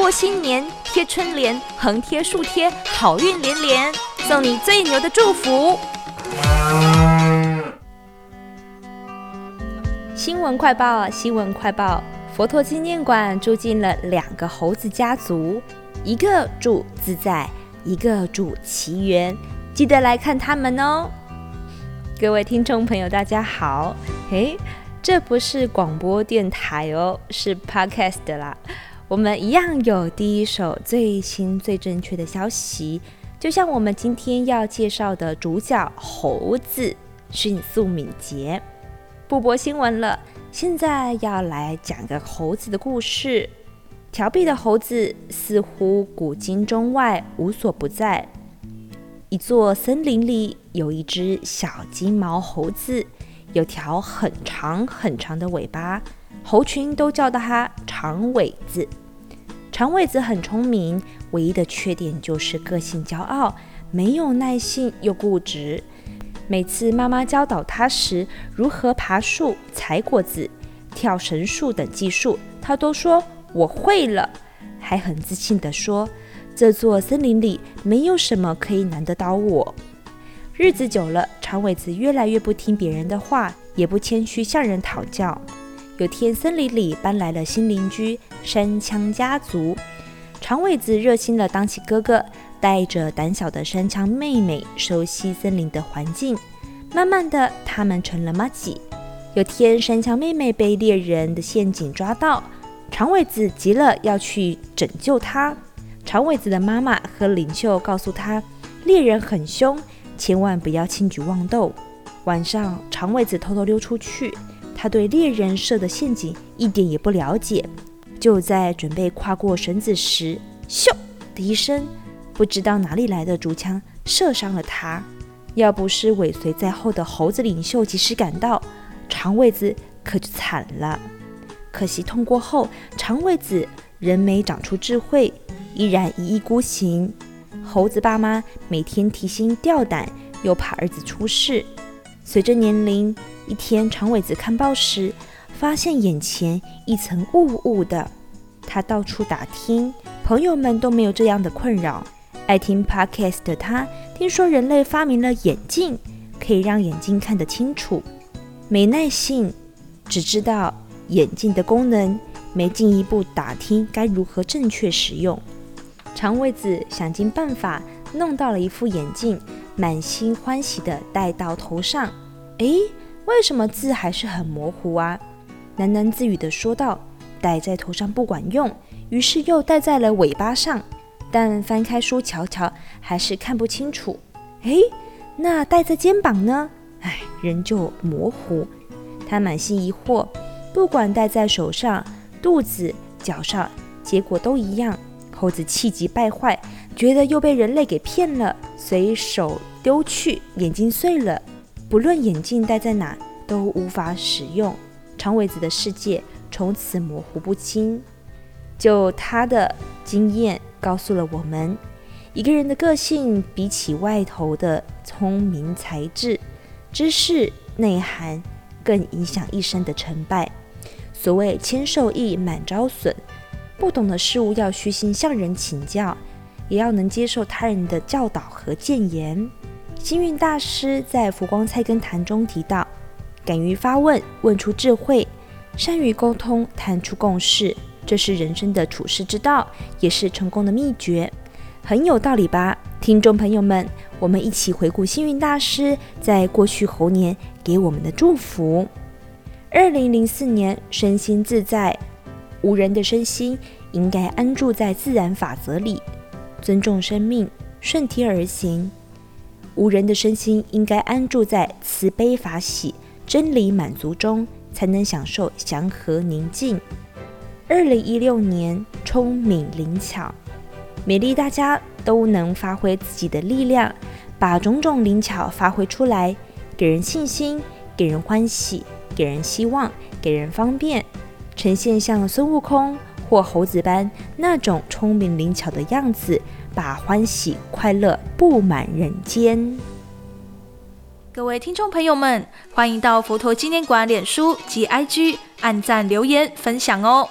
過新年，貼春聯，橫貼豎貼，好運連連。送你最牛的祝福。新聞快報，新聞快報。佛陀紀念館住進了兩個猴子家族，一個住自在，一個住奇緣。記得來看他們哦。各位聽眾朋友，大家好。哎，這不是廣播電台哦，是 Podcast 啦。我們一樣有第一手最新最正確的消息，就像我們今天要介紹的主角猴子，迅速敏捷。不播新聞了，現在要來講個猴子的故事。調皮的猴子似乎古今中外無所不在。一座森林裡有一隻小金毛猴子，有條很長很長的尾巴。猴群都叫他長尾子。長尾子很聰明，唯一的缺點就是個性驕傲，沒有耐性又固執。每次媽媽教導他時，如何爬樹、採果子、跳繩、樹等技術，他都說我會了，還很自信地說：“這座森林裡沒有什麼可以難得倒我。”日子久了，長尾子越來越不聽別人的話，也不謙虛向人討教。有天，森林裡搬來了新鄰居山羌家族。長尾子熱心地當起哥哥，帶着膽小的山羌妹妹熟悉森林的環境。慢慢的，他們成了麻吉。有天，山羌妹妹被獵人的陷阱抓到，長尾子急了，要去拯救她。長尾子的媽媽和領袖告訴他，獵人很兇，千萬不要輕舉妄動。晚上，長尾子偷偷溜出去。他對獵人設的陷阱一點也不了解，就在準備跨過繩子時，咻的一聲，不知道哪裡來的竹槍射傷了他。要不是尾隨在後的猴子領袖及時趕到，長尾子可就慘了。可惜痛過後，長尾子仍沒長出智慧，依然一意孤行。猴子爸媽每天提心吊膽，又怕兒子出事。隨着年齡，一天長尾子看報時，發現眼前一層霧霧的。他到處打聽，朋友們都沒有這樣的困擾。愛聽 Podcast 的他，聽說人類發明了眼鏡，可以讓眼睛看得清楚。沒耐性，只知道眼鏡的功能，沒進一步打聽該如何正確使用。長尾子想盡辦法弄到了一副眼鏡。滿心歡喜地戴到頭上，哎，為什麼字還是很模糊啊？喃喃自語地說道：“戴在頭上不管用。”於是又戴在了尾巴上，但翻開書瞧瞧，還是看不清楚。哎，那戴在肩膀呢？哎，仍舊模糊。他滿心疑惑，不管戴在手上、肚子、腳上，結果都一樣。猴子氣急敗壞，覺得又被人類給騙了，隨手丟去，眼鏡碎了。不論眼鏡戴在哪，都無法使用。長尾子的世界從此模糊不清。就他的經驗告訴了我們，一個人的個性比起外頭的聰明才智、知識內涵，更影響一生的成敗。所謂謙受益，滿招損。不懂的事物要虛心向人請教，也要能接受他人的教導和建言。星雲大師在《佛光菜根譚》中提到：“敢於發問，問出智慧；善於溝通，談出共識。”這是人生的處世之道，也是成功的秘訣。很有道理吧，聽眾朋友們，我們一起回顧星雲大師在過去猴年給我們的祝福：二零零四年，身心自在。無人的身心應該安住在自然法則裡，尊重生命，順天而行。無人的身心應該安住在慈悲法喜、真理滿足中，才能享受祥和寧靜。二零一六年，聰明靈巧，勉勵大家都能發揮自己的力量，把種種靈巧發揮出來，給人信心，給人歡喜，給人希望，給人方便。呈現像孫悟空或猴子般那種聰明靈巧的樣子，把歡喜快樂布滿人間。各位聽眾朋友們，歡迎到佛陀紀念館臉書及 IG 按贊、留言、分享哦。